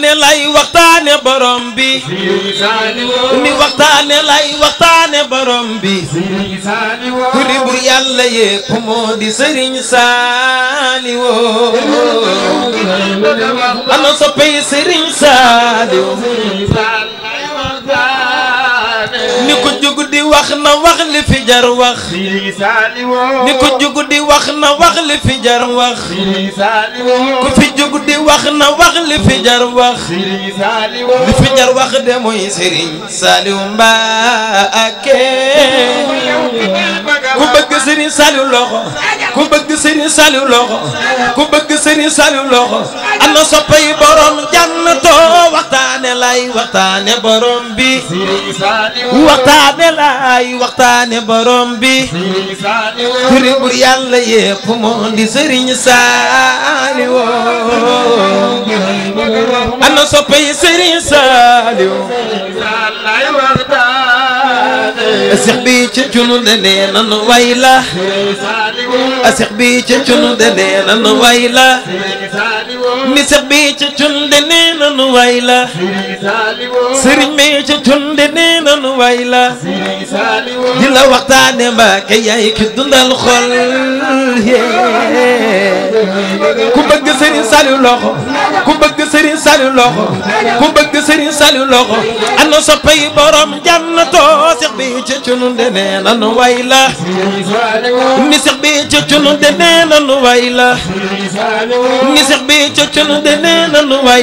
waxtaane lay waxtaane borom bi mi waxtaane lay waxtaane borom bi kuri bu yàlla yépp moo di sëriñ saaliwo ana soppey sëriñ ni ko jóg di wax na wax li fi jar wax ni ko jóg di wax na wax li fi jar wax ku fi jóg di wax na wax li fi jar wax li fi jar wax de mooy Serigne Saliou Mbacké ku bëgg Serigne Saliou loxo ku bëgg Serigne Saliou loxo ku bëgg Serigne Saliou loxo ana soppay borom waxtaane borom bi waxtaane laay waxtaane borom bi turi bur yàlla yépp moo di sëriñ saali woo ana soppe yi sëriñ saali woo asiq bi ci cunu de nee nan way la asiq bi ci cunu de nee nan way la ni sa bi ca cunde nee nanu way la sëriñ bi ca cunde nee nanu way la di la waxtaane Mbàkke yaay ki dundal xol ku bëgg sëriñ Saliou loxo ku bëgg sëriñ Saliou loxo ku bëgg sëriñ Saliou loxo ana soppay borom jannatoo seex bi ca cunde nee nanu way la ni seex bi ca cunde nee nanu way la ni seex bi ca cunu de nee na nu la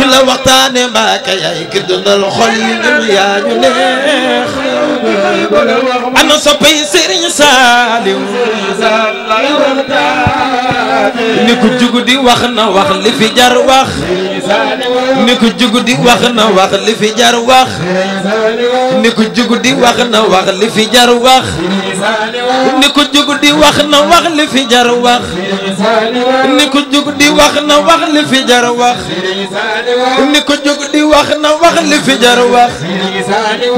di la waxtaane mbaaka yaay ki dundal xol yi ñun neex ana soppay Serigne Saliou ni ku jugu di wax na wax li fi jar wax ni ku jugu di wax na wax li fi jar wax ni ku jugu di wax na wax li fi jar wax ni ku jugu di wax na wax li fi jar wax ni ku jugu di wax na wax li fi jar wax ni ku jugu di wax na wax li fi jar wax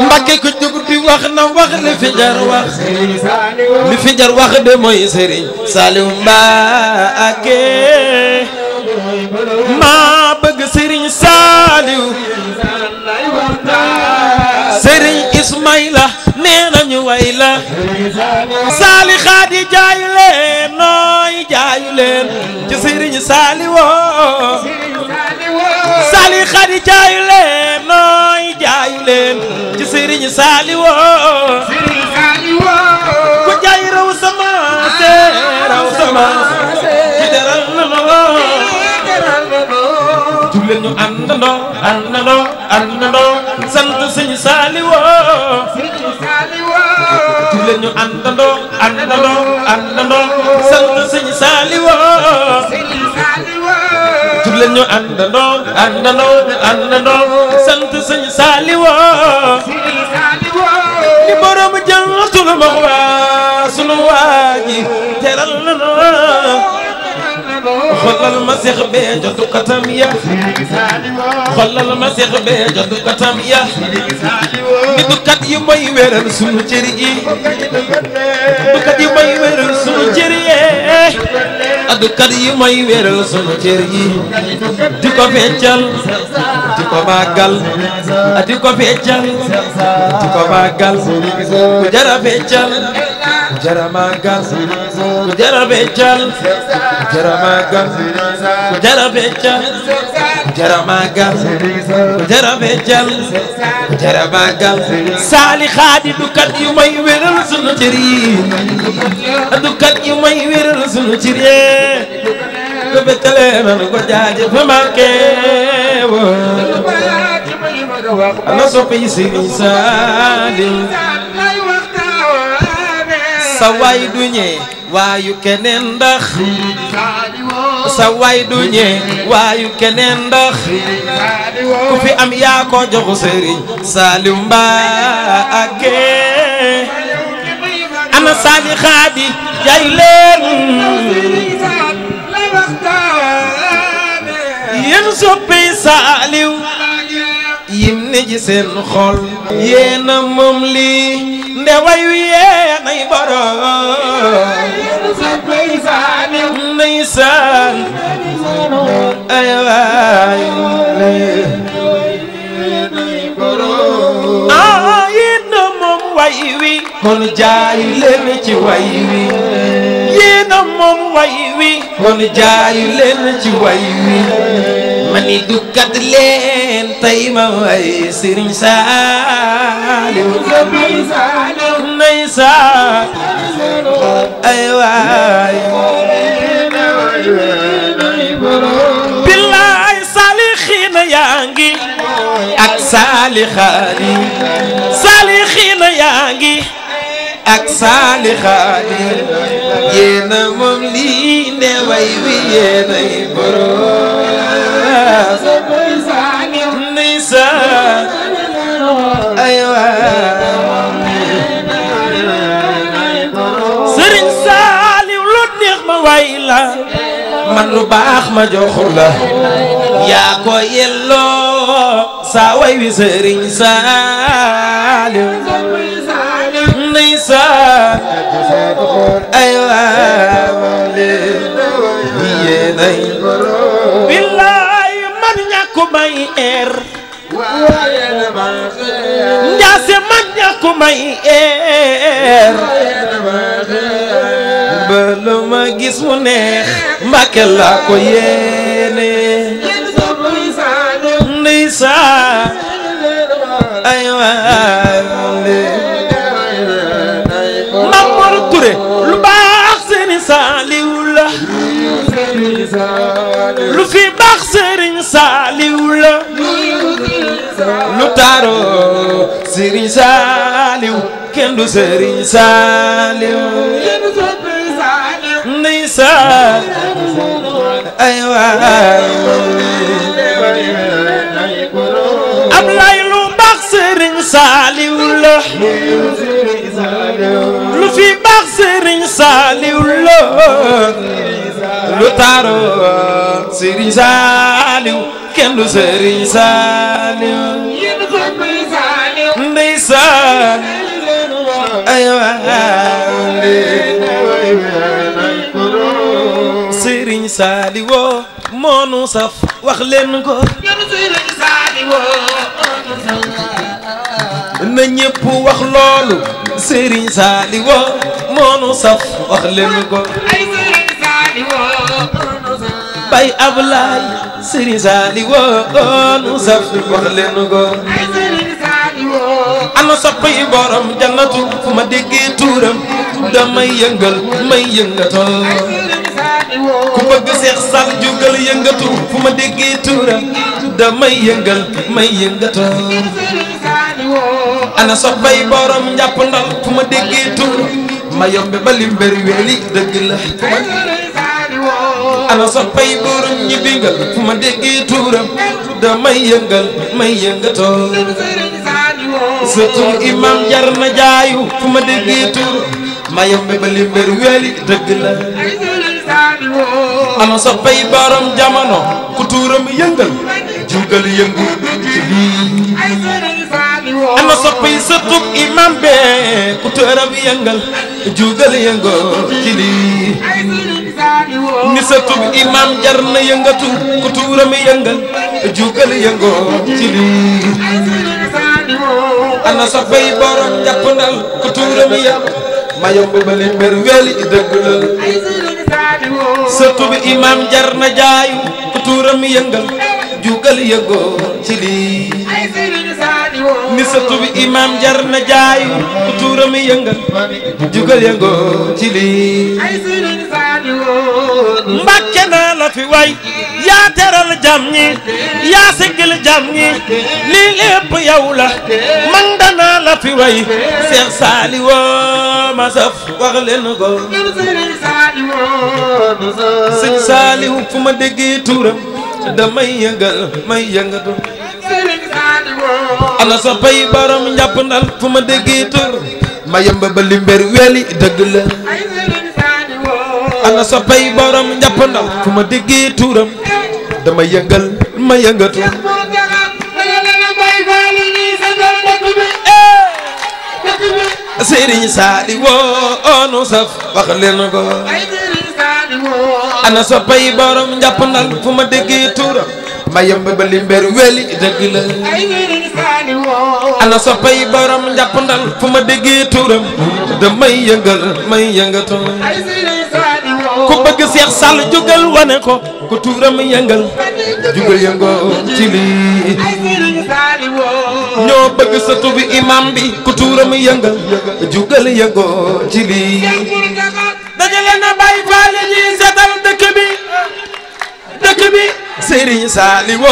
Mbàkke ku jugu di wax na wax li fi jar wax li fi jar wax de mooy sëriñ Saliou Mbacké maa bëgg sëriñ Saliou sëriñ Ismaïla nee nañu way la Sali xaadi jaayu nooy jaayu ci sëriñ Saliou Sali xaadi jaayu nooy jaayu sëriñ Saaliwo sëriñ Saaliwo ku jaay raw sama se raw sama ki deral na ma woo julleen ñu àndandoo àndandoo àndandoo sant sëriñ Saaliwo sëriñ Saaliwo julleen ñu àndandoo àndandoo àndandoo sant sëriñ Saaliwo sëriñ Saaliwo julleen ñu àndandoo àndandoo àndandoo sant sëriñ Saaliwo jannatul maxwa sunu waa ji teral na xoolal masix bee jotu katam ya xoolal masix bee jotu katam ya nitu kat yi mooy wéral sunu cër yi nitu kat yi mooy wéral addukat yi may wéeral sunu cër yi di ko feccal di ko màggal di ko feccal di ko màggal ku jara feccal ku jara màggal ku jara feccal ku jara màggal ku jara feccal jara màggal ku jara béjjal ku jara màggal saali xaadi dukat yu may wéral sunu cër yi dukat yu may wéral sunu cër yi ku bettale man ko jaaje fa manqué woon ana soppi Sëriñ Saaliw sa waay du ñee waayu keneen ndax sa waay du ñee waayu keneen ndax ku fi am yaa ko joxu sëriñ Saliou Mbacké ana Sali Xaadi jay leen yéen soppi Saliou yim ne ji seen xol yéena moom lii nde way wiyee nay borom ndeysaan ay waay yéen na moom way wi kon jaay leen ci way wi yéen na moom way wi kon jaay leen ci way wi mani duggat leen tey ma way Sëriñ Saaliw ndeysaan ay waay billaay saalixiina yaa ngi ak saalixaani saalixiina yaa ngi ak saalixaani yéena moom lii way wi yéenay borom doy man lu baax ma jox la yaa ko yelloo saa way wi sëriñ Saalim ndeysaan ay waawale yee nay billaay man ñàkku may eer njaase man ñàkku may eer ba lu ma gis mu neex Mbàkke laa la lu fi lu taaroo Sëriñ Saaliw kenn du Sëriñ Saaliw سال أيوة أبلاي لو بخسرين سالي ولو lu fi baax Serigne Saliou Lo lu taaro Serigne Saliou kenn du Serigne Saliou saali woo moonu saf wax leen ko yoonu suy lañu saali na ñépp wax loolu sëriñ saali woo moonu saf wax leen ko ay sëriñ saali woo bay ablaay sëriñ saali woo nu saf wax leen ko ay woo ana soppay borom jannatu fu ma déggee tuuram damay yëngal may yëngatoo ku bëgg seex sall jugal yëngatu fu ma déggee turam damay yëngal may yëngatu ana sot bay borom njàpp ndal fu ma déggee turam ma yombe ba limbér weeli dëgg la ana sot bay borom ñibbi ngal fu ma déggee turam damay yëngal may yëngatu surtout imam jar na jaayu fu ma déggee turam ma yombe ba limbér weeli dëgg la ana soppay borom jamono ku tuuram yëngal juugal yëngu ci lii ana soppay sëtub imam be ku tuuram yëngal juugal yëngo ci ni sëtub imam jar na yëngatu ku tuuram yëngal juugal yëngo ci lii ana soppay borom jàppandal ku tuuram yëngal ma yomb ba leen surtout bi imam jar na jaayu ku tuuram yëngal jugal yëgoo ci lii ni surtout bi imam jar na jaayu ku tuuram yëngal jugal yëgoo ci lii na nga fi way yaa teral jàmm ñi yaa siggil jàmm ñi lii lépp yow la man danaa la fi way Cheikh Saliou ma saf wax leen ko Sëñ Saliou fu ma déggee tuuram damay yëngal may yëngatu ana sa pay borom njàpp ndal fu ma déggee tuuram ma yëmba ba limber weeli dëgg la na soppay borom njàpp ndaw ma déggee tuuram dama yëngal ma borom njàpp ndal fu ma déggee tuuram ma yëmb ba limbeer weli dëgg la ana soppay borom njàpp ndal fu ma déggee tuuram damay yëngal may yëngatu Cheikh Sall jógal wane ko ku tuuram yëngal jógal yëngoo ci lii ñoo bëgg sëtu bi imam bi ku tuuram yëngal jógal yëngoo ci lii dajale na bàyyi faale ñi setal dëkk bi dëkk bi Serigne Saliou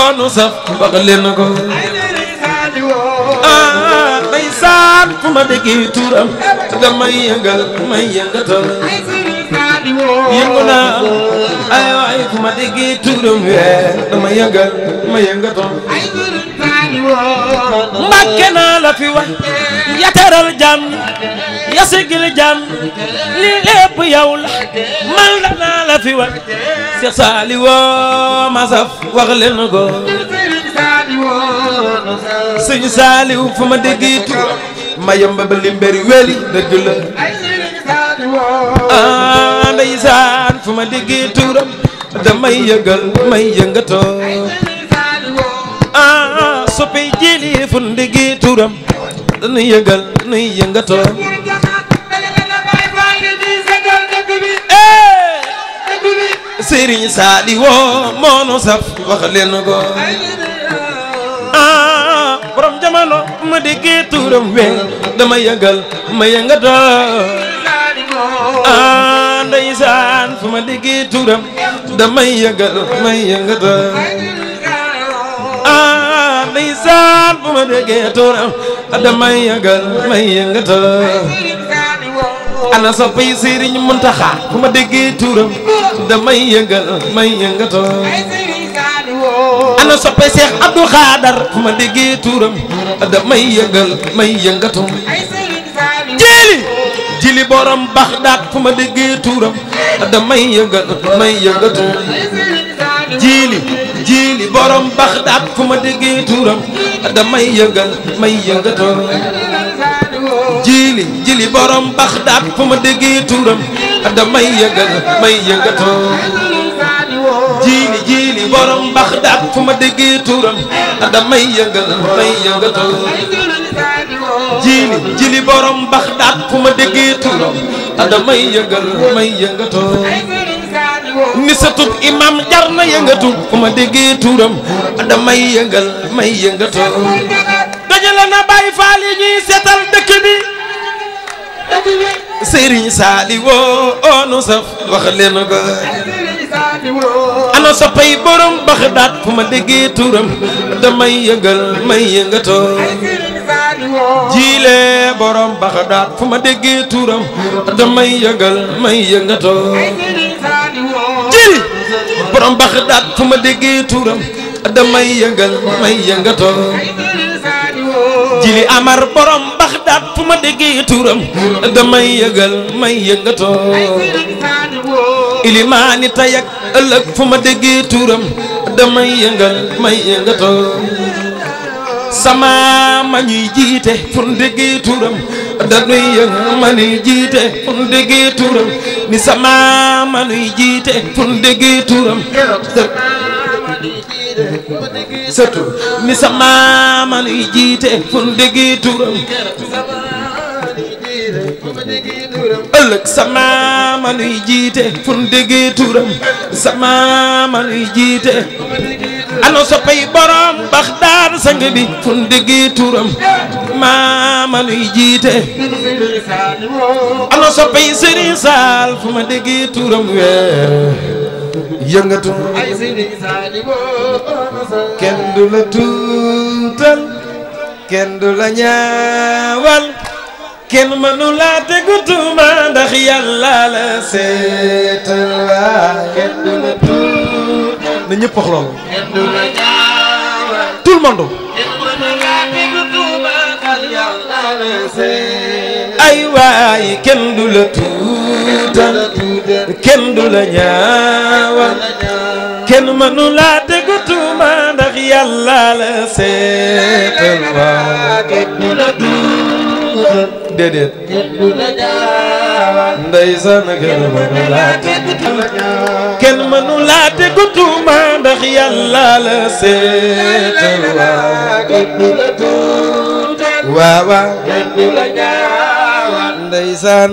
onu sax wax leen ko ah ndeysaan fu ma déggee tuuram damay yëngal may yëngatal yëngu naa ay waay fu ma déggee turam weer dama yëngal ma yëngatoon mbàkke naa la fi wax ya teral jàmm ya sigil jàmm li lépp yow la man la naa la fi wax Cheikh Saaliwoo fu ma déggee turam ma yomb ba limbéri wéli dëgg la ah. ndeysaan fu ma déggee turam damay yëgal may yëngatoo ah soppey jili eh! wax leen ko ah borom jamono ma déggee turam we dama yëgal ma yëngatoo ah, ma déggee turam damay yëngal may yëngatal ah ndeysaan bu ma déggee turam damay yëngal may yëngatal ana soppay Sëriñ Muntaxa bu ma déggee turam damay yëngal may yëngatal ana soppay Seex Abdu Xaadar bu ma déggee turam damay yëngal may yëngatal li borom baxdaat fu ma déggee tuuram damay yëngal damay yëngatu jiili jiili borom baxdaat fu ma déggee tuuram damay yëngal may yëngatu jiili jiili borom baxdaat fu ma déggee tuuram damay yëngal may yëngatu jiili jiili borom baxdaat fu ma déggee tuuram damay yëngal may yëngatu jiili jili borom baxdaat fu ma déggee turam adamay yëngal may yëngatoo ni satub imam jar na yëngatu fu ma déggee turam adamay yëngal may yëngatoo dajale na bàyyi faal yi ñuy seetal dëkk bi Sëriñ Saali woo onu saf wax leen ko ana soppay borom baxdaat fu ma déggee turam damay yëngal may yëngatoo jiile borom baxadaat fu ma déggee turam te damay yëgal may yëngatoo jili borom baxadaat fu ma déggee turam fu ma déggee turam te damay yëgal may yëngatoo ilimaani ma déggee turam damay yëngal may yëngatoo sama ma ñuy jiite pour ndege turam dañuy yëngu ma ñuy jiite pour ndege turam ni sama ma ñuy jiite pour ndege turam. surtout ni sama ma ñuy jiite pour ndege turam. ëllëg sama ma ñuy jiite pour ndege turam sama ma ñuy jiite. ano soppay borom baxdaar sang bi fun dëggee turam maama nuy jiite ano soppay sëriñ fu ma dëggee turam weer yëngatu kenn du la tuutal kenn du la ñaawal kenn mënu laa tegu tuuma ndax yàlla seetal waay kenn du la tuutal na ñëpp wax loolu. tout le monde. ay waay kenn du la tuutal kenn du la ñaawal kenn mënu tegu tuuma ndax yàlla la seetal waaw déedéet. ndeysaan kenn mënu laa tegu kenn mënu laa tegu tuuma ndax yàlla la seetal waaw waaw ndeysaan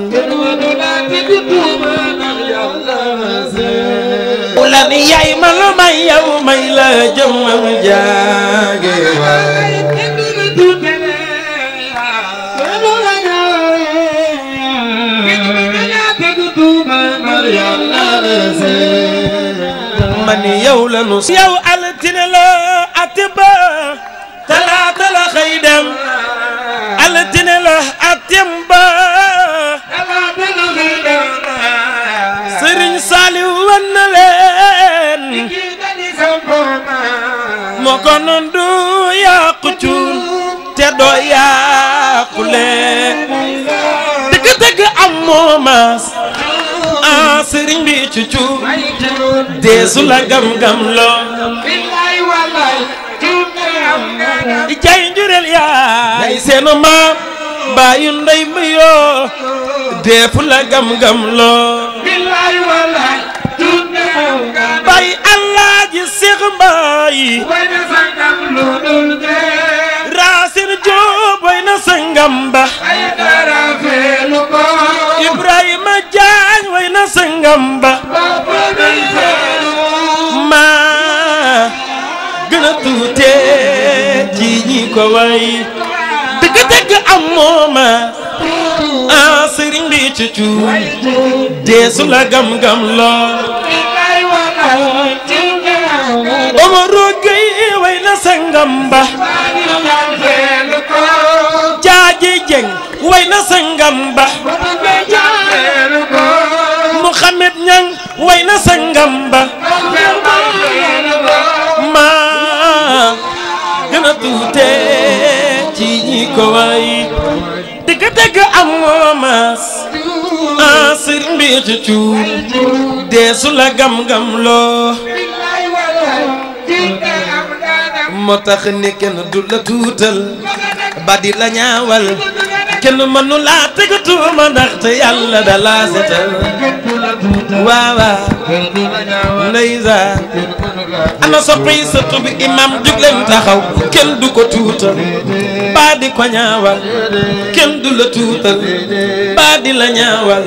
la ni yaay ma la may yow may la jëmmam jaage waay rabbani la nu yow altine la atiba talaata la xëy dem altine la atimba talaata la xëy dem sëriñ Saliw na leen moo du yàqu te doo yàqule dëgg-dëgg am sëriñ bi ci cuub gam gam loo billaay wallaay cuub i jaay njureel yaa day maam baayu ndey mbiyoo deefu la gam gam loo billaay wallaay cuub bay mbaay na sangam lu dul dee raasin joob way sangam ba ibrahima ja sangam ba maa gën a tuute ci ko way dëgg-dëgg am mooma ah sëriñ bi ci cuur deesu la gam-gam lool Omaro Gueye way na sangam ba jaaji jeng way na sangam ba way na sangam ba maa gën a tuute ci ñi ko way dëgg dëgg am maas asir ah, mbir ci deesu la gam-gam loo moo tax ni kenn du la tuutal ba di la ñaawal kenn mënu laa tegu tuuma ndaxte yàlla da laa setal waaw waaw ndeysaan ana soppi sëtu bi imam jug leen taxaw kenn du ko tuutal baa di ko ñaawal kenn du la tuutal baa di la ñaawal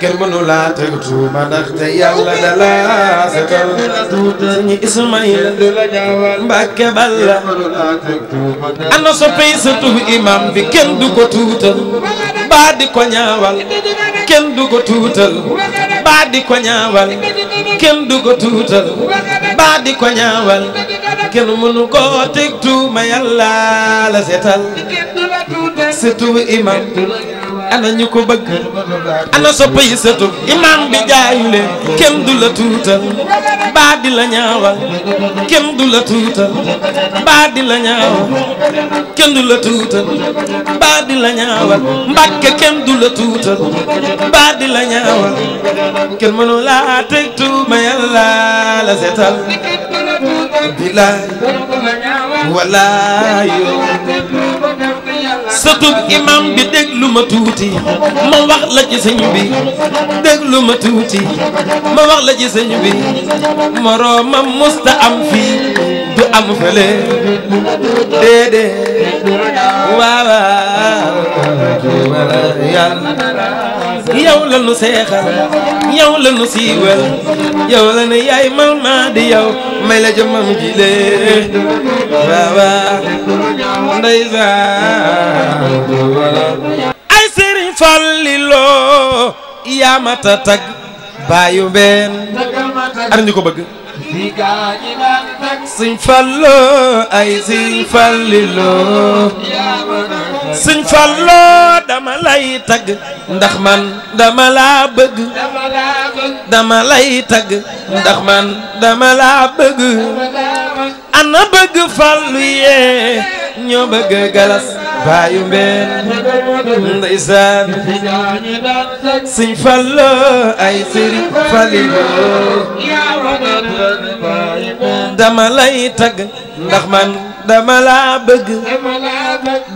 kenn mënu laa tegu tuuma ndaxte yàlla da laa setal ñi Ismaïla Mbàkke balla ana soppi sëtu bi imam bi kenn du ko tuutal tuutal baa di ko ñaawal kenn du ko tuutal baa di ko ñaawal kenn du ko tuutal baa di ko ñaawal kenn mënu ko teg tuuma yàlla la setal surtout imam ana ñu ko bëgg ana soppa yi sëtu imaam bi jaayule kenn du di la du la tuutal baa di la ñaawal kenn du la tuutal baa di la ñaawal mbàkke kenn du la tuutal baa di la ñaawal kenn mënu laa teg tuuma yàlla la seetal bilaay walaay bëtub imam bi déglu ma tuuti ma wax la ci bi déglu ma tuuti ma wax la ci sëñ bi moroomam musta am fii du am fële déedéet waaw waaw yàlla yow la seexal yow la siiwal yow la yaay mal di yow may la jëmmam ji lee baba ndeysaan ay sëriñ Fallilo yaa ma ta tag baayu benn ar ñu ko bëgg di gaañi naan teg sëñ ay sëñ Fallilou sëñ Fallou dama lay tagg ndax man dama laa bëgg ana bëgg Fallou yee ñoo bëgg galas baayu mbeen ndeysaan siñ fallo ay sëriñ falilu dama lay tagg ndax man dama laa bëgg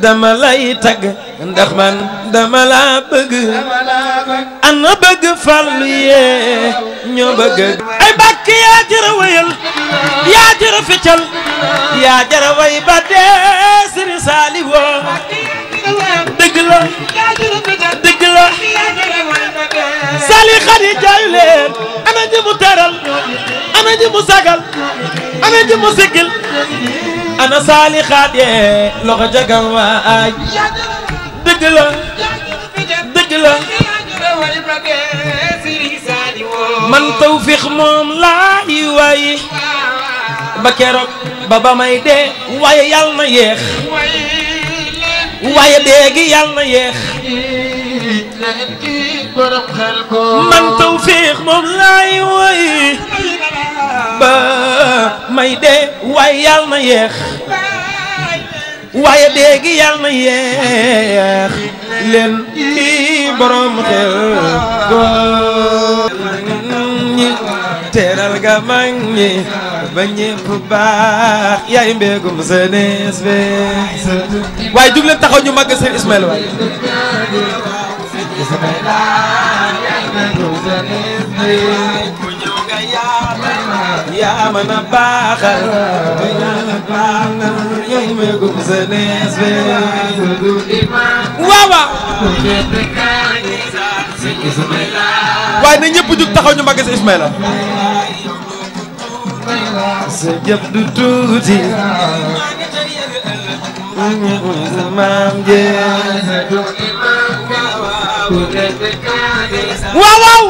dama lay tagg ndax man dama laa bëgg ana bëgg fallu yee ñoo bëgg ay bàkk yaa jërë wëyal yaa jërë feccal yaa jara ba dee Serigne Saliou dëgg la dëgg la Sali xar yi jaayu mu teral ana ji mu sagal ana ji mu siggil ana Sali xaat yee loxo jagam waay man tawfiq moom laay waayi ba keroog ba ba may dee waaye yàlla na yéex waaye dee gi yàlla na yéex man tawfiix moom laay woy ba may dee waaye yàlla na yéex waaye dee gi yàlla na yéex leen kii borom xel góor ñi teral ga mag ñi ba ñépp baax yaay mbéegum jeunesse bi waaye leen taxaw ñu màgg seen Ismaël waay yaa mën a baaxal yaay mbéegum na ñépp jug taxaw ñu màgg seen sa waaw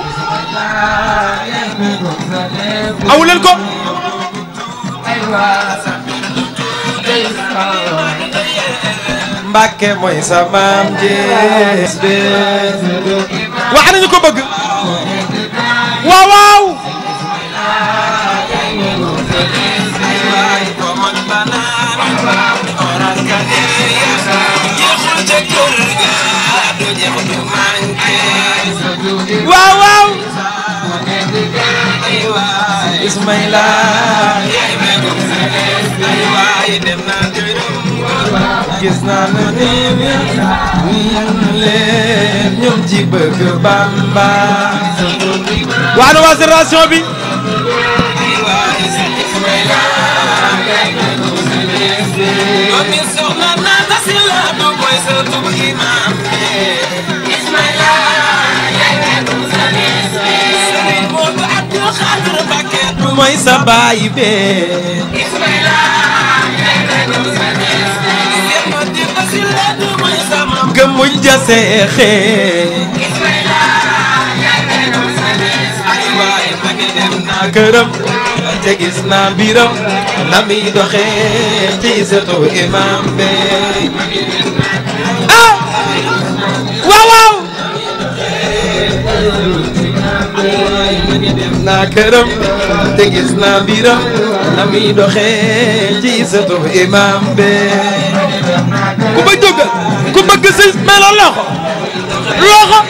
waaw waaw waaw Ismaïla gis naa ne leen ñoom ci bëgg Bamba waa nu waa génération bi soxna naa tasi la du koy sa tubu imaam mooy sa dem naa këram te gis naa mbiram na muy doxee ci sëtu imam be ku ma jógal ku bëgg si meloo loxo loxo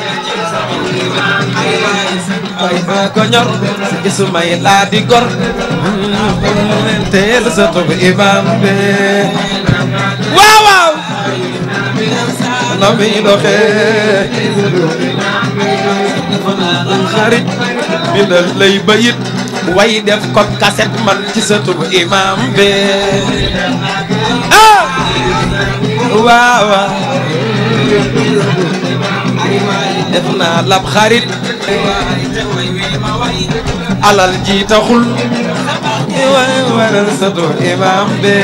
ay ma ko ñor gisumay laa di gor teel sëtu imam be waaw waaw na doxee xarit bindal lay bayit way def ko kaset man ci sa tur imam be ah waaw def naa xarit alal ji taxul way waral sa tur imam be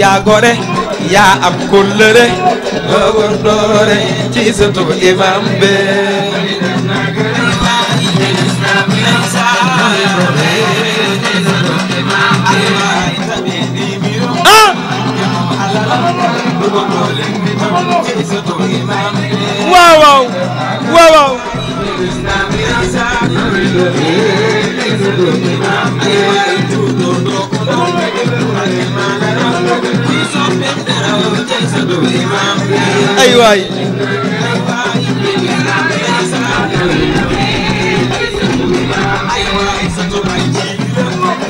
yaa ay waay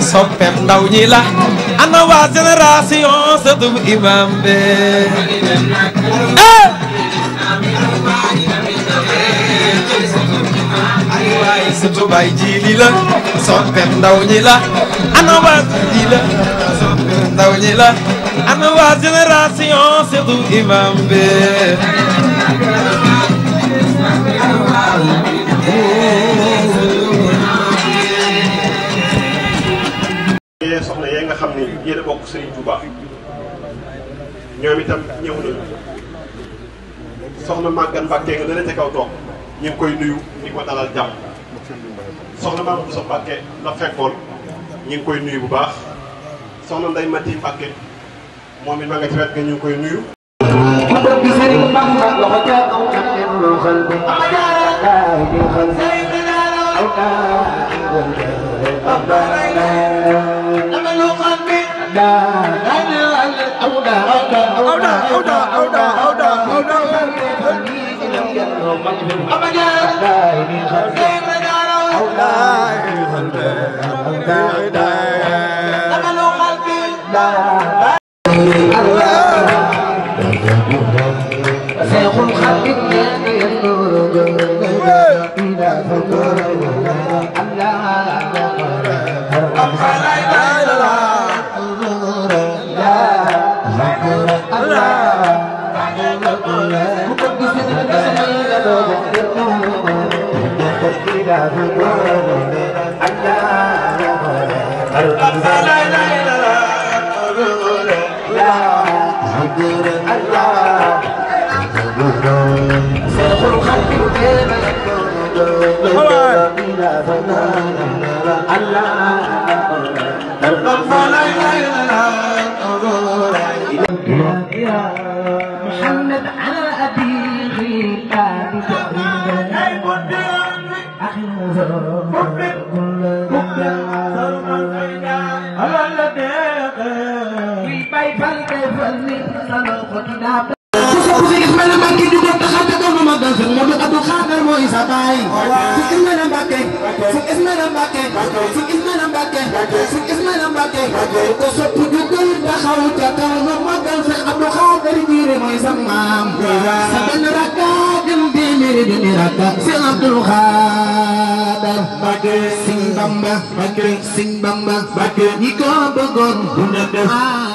soppeem ndaw ñi la ana waa génération satub imam be eh sëtu bay jiili la soppeem ndaw ñi la ana waa jiili la soppeem ndaw ñi la ana waa génération Seydou Imam bi soxna yee nga xam ni yéen a bokk Serigne Touba ñoom itam ñëw nañu soxna Maguette Mbacke nga dana ca kaw toog ñu ngi koy nuyu di ko dalal jàmm soxna Mamadou Sow Mbacke la fekkoon ñu ngi koy nuyu bu baax soxna Ndeye Mati Mbacke moom it ma nga ci wet nga ñu ngi koy nuyu. ku bëgg Sëriñ Bamba loxo ca kaw am leen loo xal bi daay bi xal bi aw daa aw daa aw daa لا إله إلا الله Bakke Sëñ Bamba Bakke ñi ko bëggoon na def